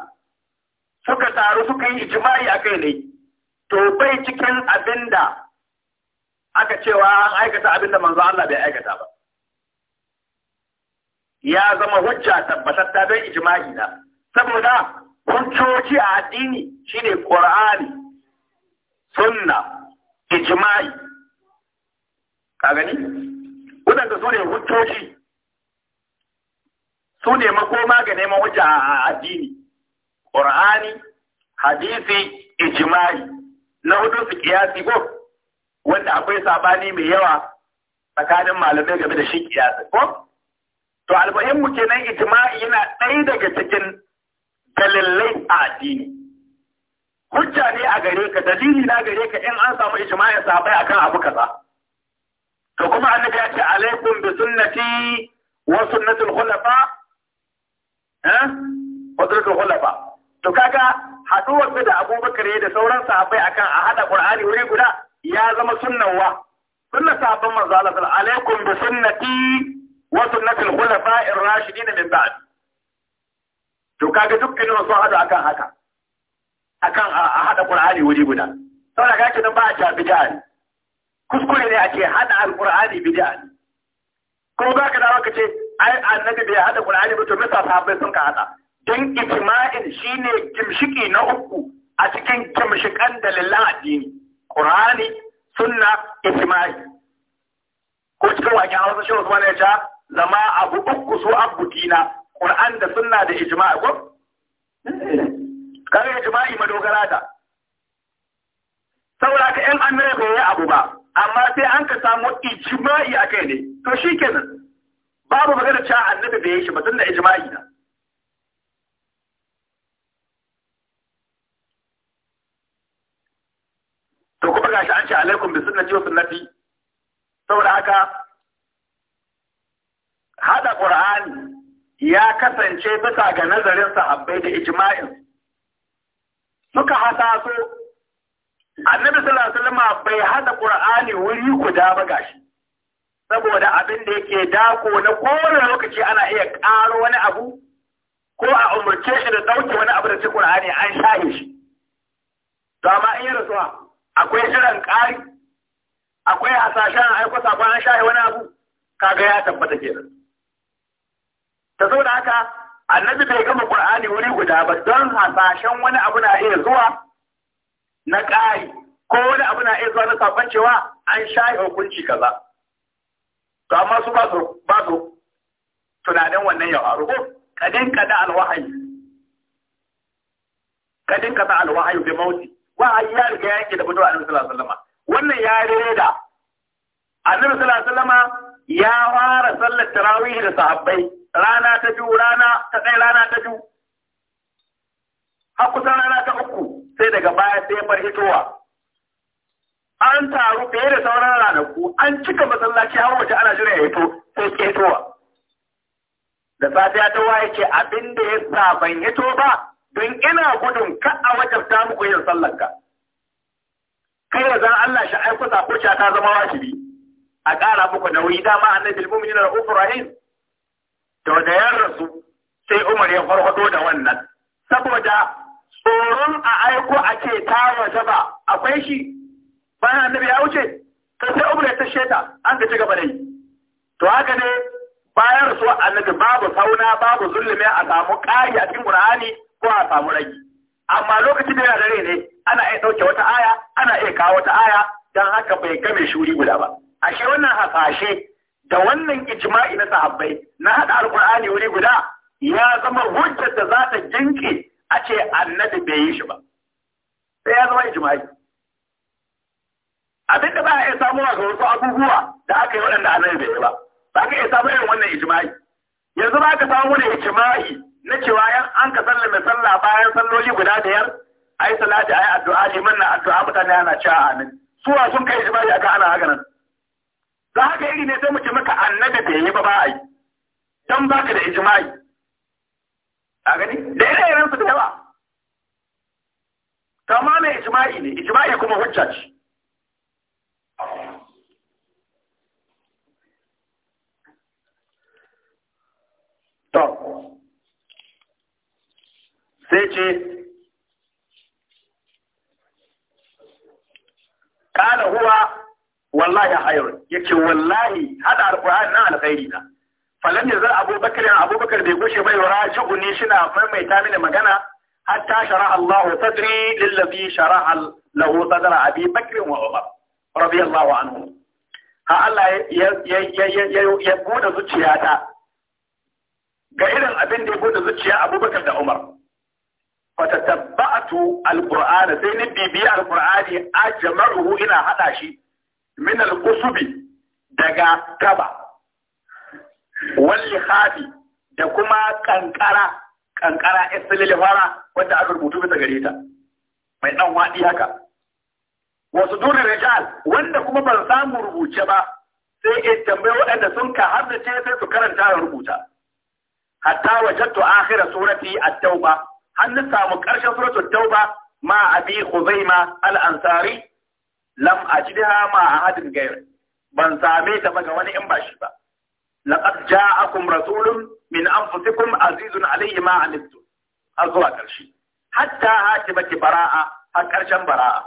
suka taru suka yi ijma'i a kai ne to bai cikin abin da aka cewa an aikata abin da manzo Allah bai aikata ba ya zama hujja tabbatatta bai ijma'i na saboda hujjoji a addini shine qur'ani sunna ijma'i ka gani wadanda su ne hujjoji su ne makoma ga neman hujja a addini qur'ani hadisi ijma'i na hudu su kiyasi ko wanda akwai sabani mai yawa tsakanin malamai game da shi kiyasi ko to almuhimmu kenan ijma'i yana ɗaya daga cikin dalilai a addini hujja ne a gare ka dalili na gare ka in an samu ijma'in sabai akan abu kaza to kuma annabi ya ce alaikum bi sunnati wa sunnatul khulafa eh wa sunnatul khulafa to kaga haduwar da abubakar ya da sauran sahabbai akan a hada qur'ani wuri guda ya zama sunnan wa sunnan sahabban manzo Allah sallallahu wasallam bi sunnati wa sunnati al-khulafa'ir rashidin min ba'd to kaga dukkanin su hada akan haka akan a hada qur'ani wuri guda saboda kake nan ba a ta bid'a kuskure ne ake hada al-qur'ani bid'a ko ba ka dawo ka ce ai annabi bai hada qur'ani ba to me sahabbai sun ka hada don shi shine kimshiki na uku a cikin gimshikan dalilan addini ƙur'ani sunna ijma'i ko cikin wakin hausa shi usman ya ce zama abu uku su na ƙur'an da sunna da ijma'i ko kare ijma'i madogara da saboda ka yan amira bai yi abu ba amma sai an ka samu ijima'i a kai ne to shi kenan babu magana cewa annabi bai yi shi ba da ijima'i na gashi an ce alaikum bi sunnati wa sunnati saboda haka hada qur'ani ya kasance bisa ga nazarin sahabbai da ijma'in suka hasaso annabi sallallahu alaihi wasallam bai hada qur'ani wuri guda ba gashi saboda abin da yake dako na kowane lokaci ana iya ƙaro wani abu ko a umarce shi da ɗauke wani abu da cikin Qur'ani an shaye shi to amma in yi rasuwa akwai jiran ƙari akwai hasashen aiko sakon an shaye wani abu kaga ya tabbata nan ta zo da haka annabi bai gama qur'ani wuri guda ba don hasashen wani abu na iya zuwa na ƙari ko wani abu na iya zuwa na sakon cewa an shaye hukunci kaza to amma su ba su ba su tunanin wannan ya faru ko kadin kada alwahayi kadin kada alwahayi bi mauti wahayi ya riga yake da fito annabi sallallahu alaihi wasallam wannan ya reda annabi sallallahu alaihi wasallam ya fara sallar tarawih da sahabbai rana ta biyu rana ta ɗaya rana ta biyu har kusan rana ta uku sai daga baya sai bar hitowa an taru fiye da sauran ranaku an cika masallaci har wace ana jira ya hito sai ke hitowa da safiya ta waye ce abin da ya sa ban hito ba don ina gudun ka a wajen wajabta muku yin sallanka kai da zan Allah shi aiko sako ta zama wajibi a ƙara muku nauyi dama annabi mu'minin al-Ibrahim to da ya rasu sai Umar ya farfado da wannan saboda tsoron a aiko a ce ta ba, akwai shi bayan annabi ya wuce sai sai Umar ya tashe ta an ga ci gaba da yi to haka ne bayan a annabi babu sauna babu zulumi a samu ƙari a cikin Qur'ani ko a samu ragi amma lokacin da yana da rai ne ana iya ɗauke wata aya ana iya kawo wata aya don haka bai game shuri guda ba ashe wannan hasashe da wannan ijma'i na sahabbai na haɗa alkur'ani wuri guda ya zama hujjar da za ta jinki a ce annabi bai yi shi ba sai ya zama ijma'i abin da ba a iya samu ga wasu abubuwa da aka yi waɗanda annabi bai yi ba ba ka iya samu irin wannan ijma'i yanzu ba ka samu wani ijma'i na cewa yan an ka sallame sallah bayan salloli guda biyar ai salati ai addu'a liman na addu'a mutane ana cewa amin su wa sun kai ibadi aka ana haka nan da haka iri ne sai mu ce maka annabi bai yi ba ba ai dan baka da ijma'i a gani da ire iren su da yawa kama mai ijma'i ne ijma'i kuma hujja ce to sai ce kana huwa wallahi hayr yake wallahi hada alqur'ani na alkhairi na falan yazar abubakar ya abubakar bai gushe bai raji'u ni shina maimaita mini magana hatta shara'a Allah sadri lil ladhi shara'a lahu sadra abi bakr wa umar radiyallahu anhu ha Allah ya ya ya ya zuciyata ga irin abin da ya bude zuciya abubakar da umar fatatabba'atu alqur'ana sai ni bibi alqur'ani ajma'uhu ina hada shi min alqusubi daga kaba wal lihafi da kuma kankara kankara isilil fara wanda aka rubutu bisa gare ta mai dan wadi haka wasu durin rijal wanda kuma ban samu rubuce ba sai in tambayi waɗanda sun ka har sai su karanta da rubuta hatta wajattu akhira surati at-tauba har na samu ƙarshen suratul tauba ma abi khuzaima al-ansari lam ajidha ma ahadin gair ban same ta ba ga wani in ba ba laqad ja'akum rasulun min anfusikum azizun alayhi ma anittum har zuwa ƙarshe hatta hatibati bara'a har ƙarshen bara'a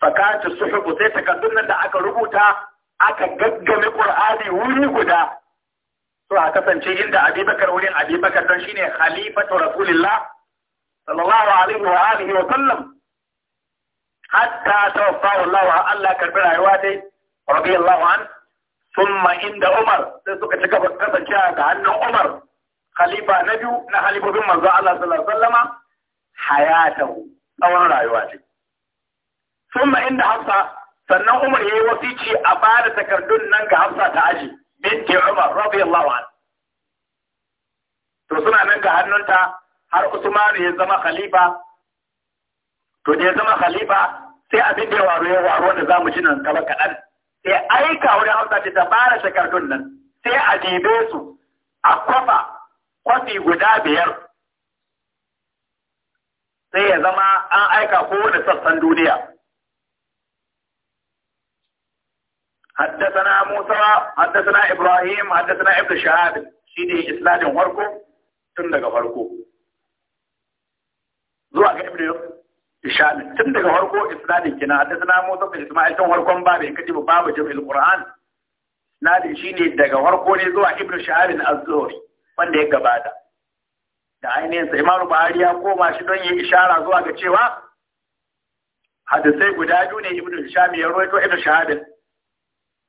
fakata suhubu sai takardun da aka rubuta aka gaggame qur'ani wuri guda to a kasance inda abubakar wurin abubakar don shine khalifatu rasulillah sallallahu alaihi wa alihi wa sallam hatta tawaffa Allah Allah karbi rayuwa dai radiyallahu an summa inda Umar sai suka cika kasance ga hannun Umar khalifa na biyu na halifofin manzo Allah sallallahu alaihi wa tsawon rayuwa dai summa inda Hafsa sannan Umar yi wasici a bada takardun nan ga Hafsa ta aji Umar suna nan ga hannunta har Usman ya zama khalifa to da ya zama khalifa sai abin da ya waro ya waro wanda zamu ji nan gaba kaɗan sai aika wurin Hausa ta fara shekarun nan sai a dibe su a kwafa kwafi guda biyar sai ya zama an aika kowane sassan duniya حدثنا موسى حدثنا ابراهيم حدثنا ابن شهاب شيء اسناد فرقو tun daga farko zuwa ga ibnu ishaq tun daga farko isnadin kina hadathana musa bin isma'il tun farkon babu in kaji babu jami'il qur'an isnadin shine daga farko ne zuwa ibnu sha'arin az-zuhri wanda ya gabata da ainihin sa imamu buhari ya koma shi don yi ishara zuwa ga cewa hadisai guda biyu ne ibnu shami ya rawaito ibnu shahadin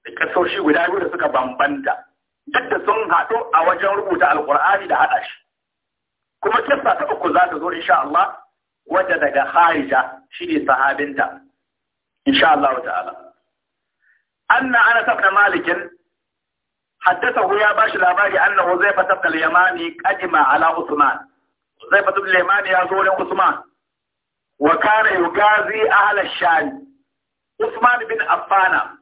da kasoshi guda biyu da suka bambanta duk da sun haɗu a wajen rubuta alqur'ani da haɗa shi kuma kissa ta uku za ta zo insha Allah wadda daga shi ne sahabinta insha Allah ta'ala anna ana Anas malikin haddasa hu ya bashi labari annahu zai fata al yamani qadima ala Usman zai fata al yamani ya zo wurin Usman wa kana yugazi ahla ash-sham Usman bin Affana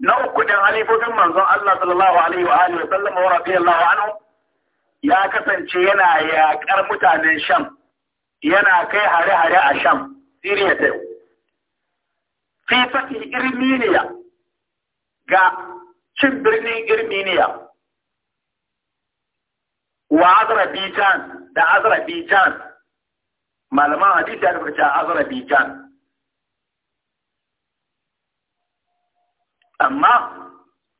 na uku din halifofin manzon Allah sallallahu alaihi wa alihi wa sallam wa radiyallahu anhu ya kasance yana yaƙar mutanen Sham yana kai hare-hare a Sham, Siriya ta yau. Fi fakin Irminiya ga cin birnin Irminiya, wa Azerbaijan da Azerbaijan, malaman hadisi ya rubuta Azerbaijan. Amma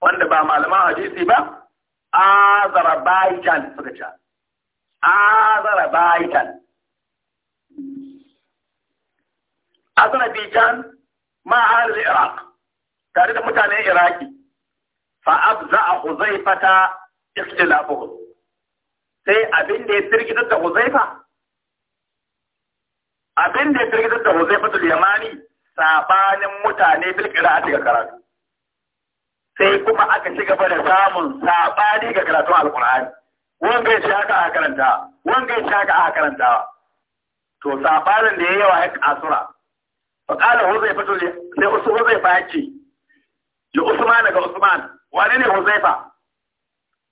wanda ba malaman hadisi ba, Azerbaijan suka ce, Azerbaijan. azerbaijan ma ahli iraq tare da mutanen iraki fa abza huzaifata ikhtilafuhum sai abin da ya firgitar da huzaifa abin da ya firgitar da huzaifatul yamani sabanin mutane bilkira a ga karatu sai kuma aka ci gaba da samun sabani ga karatun alqur'ani Wanda ya shaka a karanta wanda ya shaka a karanta to sabanin da ya yawa ya asura. ce, li Usman daga Usman wane ne Huzaifa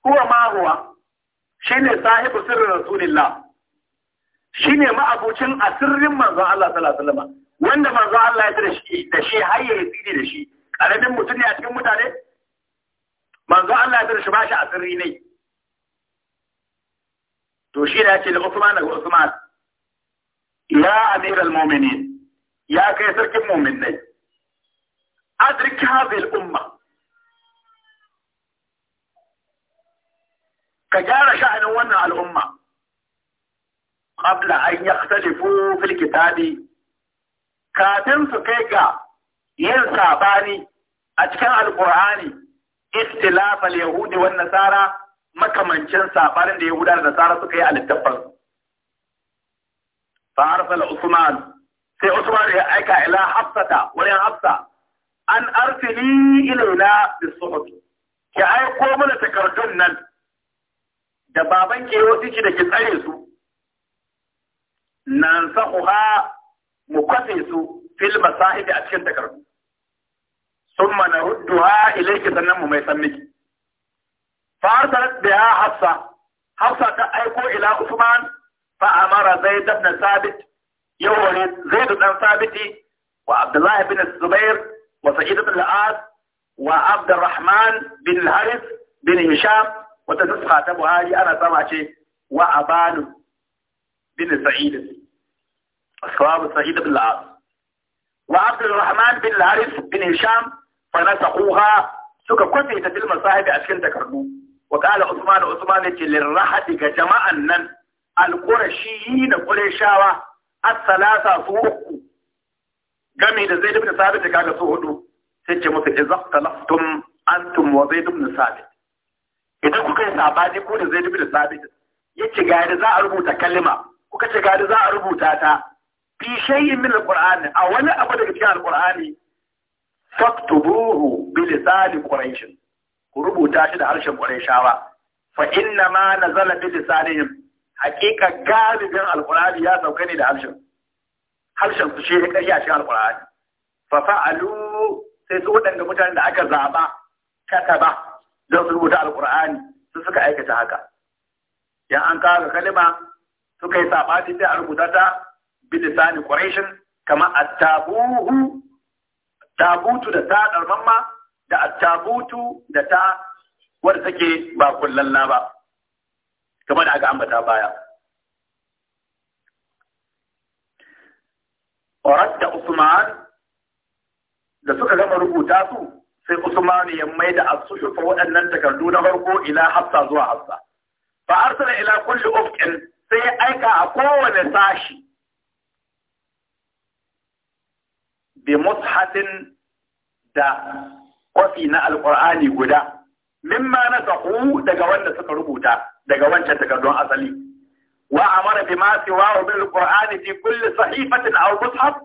huwa ma huwa shine sahibu sirrin Rasulillah shine ma'abucin asirrin manzon Allah sallallahu alaihi wasallam wanda manzon Allah ya da da shi har ya yi da shi karamin mutum ne a cikin mutane manzon Allah ya da shi ba shi asirri ne to shi ne ce da Usman daga Usman ya amiral mu'minin ya kai sarkin mu'minai أدرك هذه الأمة كجار شأن ونع الأمة قبل أن يختلفوا في الكتاب كاتم فكيكا ينسى باني أتكن القرآن اختلاف اليهود والنصارى ما كمان شن سافرن اليهود والنصارى سكي على التفل فعرف العثمان في عثمان أيكا إلى حفصة ولي حفصة an arsili ilaina bisuhuf ki aiko mana takardun nan da baban ke wasu ki da ki tsare su nan sahuha mu kwase su fil masahib a cikin takardu summa narudduha ilayki sannan mu mai san miki fa arsalat biha hafsa hafsa ta aiko ila usman fa amara zaid ibn sabit yawari zaid ibn sabiti wa abdullah ibn zubair وسعيدة الآس وعبد الرحمن بن الحارث بن هشام وتنسخة أبو هاري أنا سامعتي وأبان بن سعيد أصحاب سعيد بن العاص وعبد الرحمن بن الحارث بن هشام فنسخوها suka kwatanta fil masahibi a cikin takardu wa qala usman usman yace lirrahati ga jama'an nan al-qurashiyyi da qurashawa as-salasa su uku game da zai dubna sabit kaga su hudu sai ce musu idza laftum antum wa zai ibn sabit idan kuka yi sabani ko da zai dubna sabit ce ga yadda za a rubuta kalima kuka ce ga yadda za a rubuta ta fi shay'in min alqur'ani a wani abu daga cikin alqur'ani faktubuhu bi lisan quraish ku rubuta shi da harshen quraishawa fa inna ma nazala bi lisanihim haqiqa galibin alqur'ani ya sauka ne da harshen harshen su shi ya karya shi alkur'ani fa fa'alu sai su waɗanda mutanen da aka zaba kataba don su rubuta alkur'ani su suka aikata haka yan an kawo kalima suka yi sabani sai a rubuta ta bilisani quraishin kama attabuhu tabutu da ta ma da attabutu da ta wadda take ba kullalla ba kamar da aka ambata baya da Usman da suka gama rubuta su sai Usman ya mai da asuhufa waɗannan takardu na farko ila Hafsa zuwa Hafsa fa arsala ila kulli ufqin sai ya aika a kowane sashi bi mushafin da kwafi na alqur'ani guda mimma nasahu daga wanda suka rubuta daga wancan takardun asali وأمر بما سواه بالقرآن في كل صحيفة أو مصحف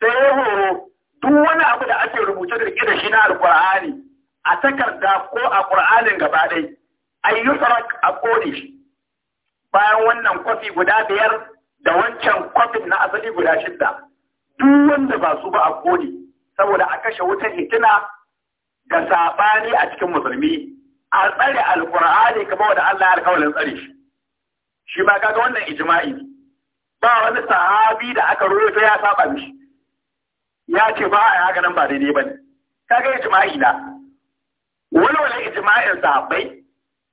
سيهورو دون أبو da ake rubuce da kida shi na alqur'ani a takarda ko a qur'anin gaba dai ayyusarak a kore bayan wannan kwafi guda biyar da wancan kwafin na asali guda shidda duk wanda ba su ba a kore saboda a kashe wutar hitina ga saɓani a cikin musulmi a tsare alqur'ani kamar wanda Allah ya alƙawarin tsare shi shi ba kaga wannan ijma'i ba wani sahabi da aka rufe ya saba mishi ya ce ba a haka nan ba daidai ba ne kaga ijma'i na walwala ijma'in sahabbai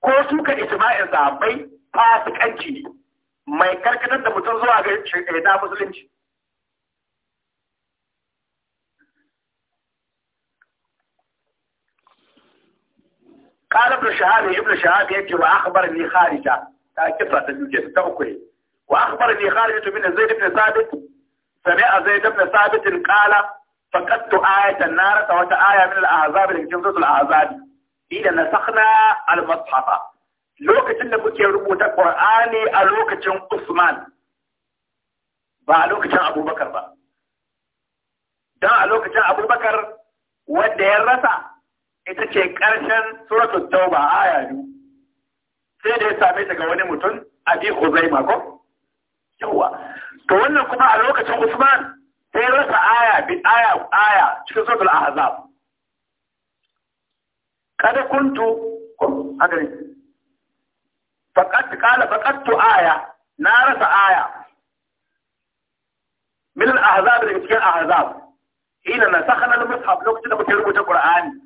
ko suka ijma'in sahabbai fasikanci ne mai karkatar da mutum zuwa ga shirkaita musulunci قال ابن شهاب ابن شهاب يجي واخبرني خارجه كثرة الجن تأكل وأخبرني خالد بن زيد بن ثابت سمع زيد بن ثابت قال فقدت آية النار توت آية من الأعذاب اللي جنزة الأعذاب إذا نسخنا المصحف لوك تنا بكي ربوت القرآن ألوك تنا عثمان بألوك تنا أبو بكر با دا ألوك تنا أبو بكر ودرسا إذا كي كرشن سورة التوبة آية جو sai da ya same ta ga wani mutum abi Uzaima ko yawa to wannan kuma a lokacin Usman sai rasa aya bi aya aya cikin suratul ahzab kada kuntu agari faqat qala faqattu aya na rasa aya min al-ahzab da cikin ahzab hina nasakhna al-mushaf lokacin da muke rubuta Qur'ani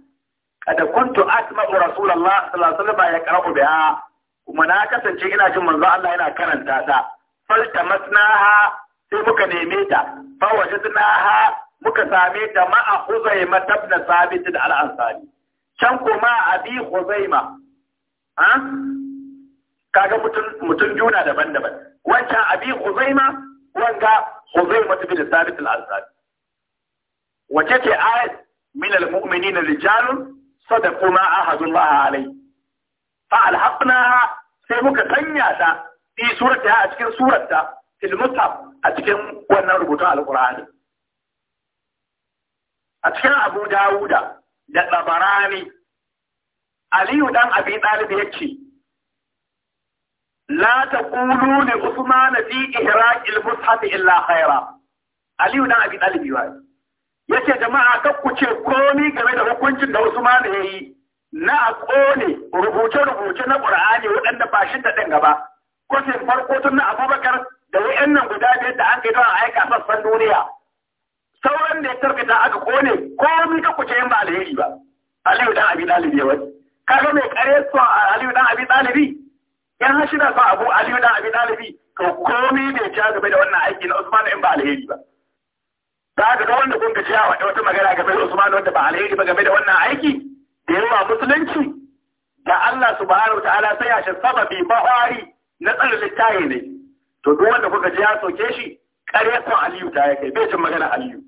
kada kuntu asma'u rasulullah sallallahu alaihi wasallam ya qara'u biha kuma na kasance ina jin manzo Allah yana karanta ta faltamasnaha sai muka neme ta fawajadnaha muka same ta ma'a Huzaima ibn Sabit al-Ansari can kuma Abi Huzaima ha kaga mutum mutum juna daban-daban wancan Abi Huzaima wanga Huzaima ibn Sabit al-Ansari wace ce ayat min al-mu'minina rijalun sadaqu ma ahadullah alayhi fa alhaqnaha sai muka sanya ta fi surata a cikin surata fil mushaf a cikin wannan rubutun alqur'ani a cikin Abu Dawuda da Tabarani Aliyu dan Abi Talib yace la taqulu li Uthman fi ihraq al-mushaf illa khaira Aliyu dan Abi Talib yace jama'a kakku ce komi game da hukuncin da Usman ya yi na a ƙone rubuce-rubuce na ƙur'ani waɗanda ba shi daɗin gaba. Kusin farko tun na Abubakar da wa'yan nan guda biyar da an kai don aika sassan duniya. Sauran da ya tarkata aka ƙone komi ka kuce yin ba alheri ba. Aliyu dan Abi Ɗalibi ya wani. ga mai ƙare su a Aliyu dan Abi Ɗalibi? Yan hashi na sa Abu Aliyu dan Abi Ɗalibi to komi bai ja game da wannan aiki na Usman in ba alheri ba. Za ka ga wanda kun ka ciya wata magana game da Usman wanda ba alheri ba game da wannan aiki? da yawa musulunci da Allah subhanahu ta'ala sai ya shi sababi bahari na tsarin littafi ne to duk wanda kuka ji ya soke shi ƙarya son Aliyu ta ya kai bai jin magana Aliyu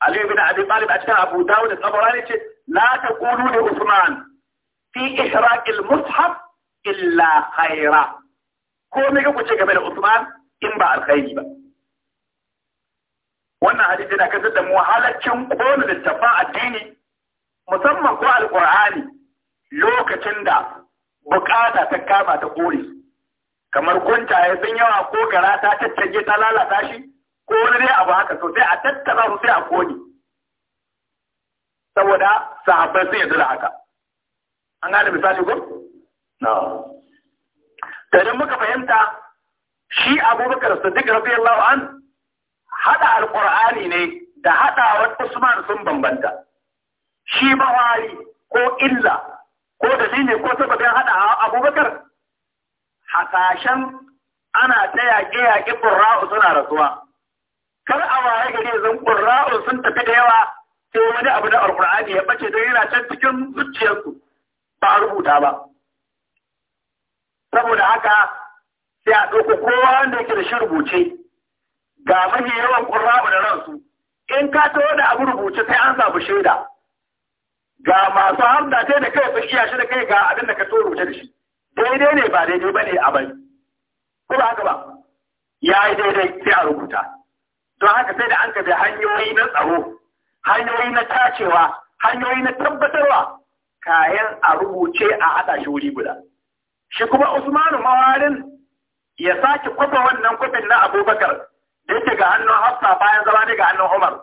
Aliyu bin Abi Talib a cikin Abu Dawud da ce la kulu li Usman fi ihraq al-mushaf illa khaira ko me ku ce game da Usman in ba alkhairi ba wannan hadisi na kasar da mu halaccin kona littafin addini musamman ko alkur'ani lokacin da bukata ta kama ta kore kamar kunta ya sun yawa ko gara ta tattage ta lalata shi ko wani dai abu haka sosai a tattara su a kone saboda sahabbai sun yadda da haka an gane misali ko na idan muka fahimta shi abubakar siddiq radiyallahu an hada alkur'ani ne da hada usman sun bambanta shi bawari ko illa ko dalili ko saboda ya haɗa abubakar hasashen ana ta yaƙe yaƙe ƙurra'u suna rasuwa kar a waye gari zan ƙurra'u sun tafi da yawa sai wani abu da alƙur'ani ya bace don yana can cikin zuciyarsu ba a rubuta ba saboda haka sai a ɗauko kowa wanda yake da shi rubuce ga mafi yawan ƙurra'u da ransu in ka taho da abu rubuce sai an samu shaida ga masu hamda sai da kai tsakiya shi da kai ga abin da ka so rubuce da shi daidai ne ba daidai ba ne a bai ko ba haka ba ya yi daidai sai a rubuta don haka sai da an kafe hanyoyi na tsaro hanyoyi na tacewa hanyoyi na tabbatarwa kayan a rubuce a haɗa shi wuri guda shi kuma usmanu mawarin ya sake kwafa wannan kwafin na abubakar da ga hannun hafsa bayan zama ne ga hannun umar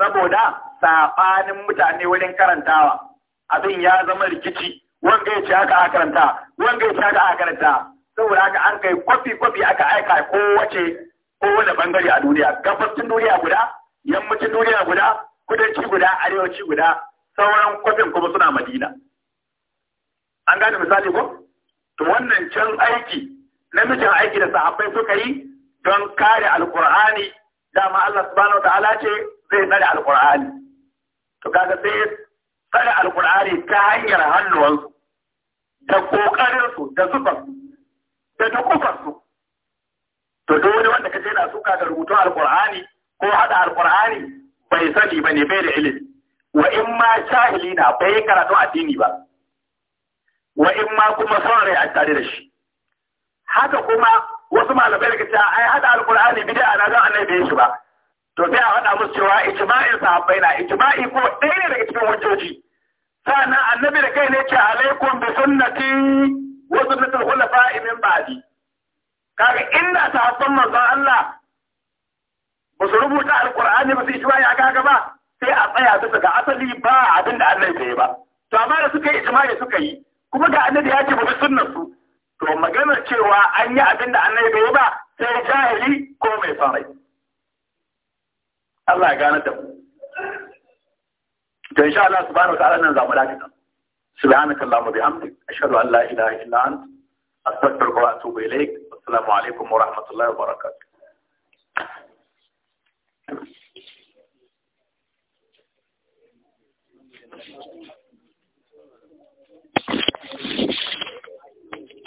saboda safanin mutane wurin karantawa abin ya zama rikici wanga ya ce aka a karanta wanga ya ce aka a karanta saboda haka an kai kwafi kwafi aka aika ko wace ko wani bangare a duniya gabashin duniya guda yammacin duniya guda kudanci guda arewaci guda sauran kofin kuma suna madina an gane misali ko to wannan can aiki namijin aiki da sahabbai suka yi don kare alkur'ani dama Allah subhanahu wa ta'ala ce zai tsare alkur'ani to kaga sai tsare alkur'ani ta hanyar hannuwansu da kokarinsu da zufansu da dukufansu to duk wani wanda kace na suka da rubutun alkur'ani ko hada alkur'ani bai sani ba ne bai da ilimi wa in ma jahili na bai karatu addini ba wa in ma kuma son rai a tare da shi haka kuma wasu malamai da kace ai hada alkur'ani bid'a na zan annabi bai shi ba to sai a faɗa musu cewa ijma'in sahabbai na ijma'i ko ɗaya ne daga cikin hujjoji sannan annabi da kai ne ce alaikum bi sunnati wa sunnatul khulafa'i min ba'di kaga inda sahabban manzon Allah ba su rubuta alqur'ani ba su ijma'i a haka ba sai a tsaya su ga asali ba abin da Allah yi ba to amma da suka yi ijma'i suka yi kuma ga annabi ya ce ba bi su to maganar cewa an yi abin da annabi yi ba sai jahili ko mai sarai Allah a gane ta mu. To, insha Allah, subhanahu wa ta'ala nan zamu dace ta. Subhanaka Allah wa bihamdi, ashadu an la ilaha illa an, astagfirullah wa atubu ilaik, assalamu alaikum wa rahmatullahi wa barakatuh.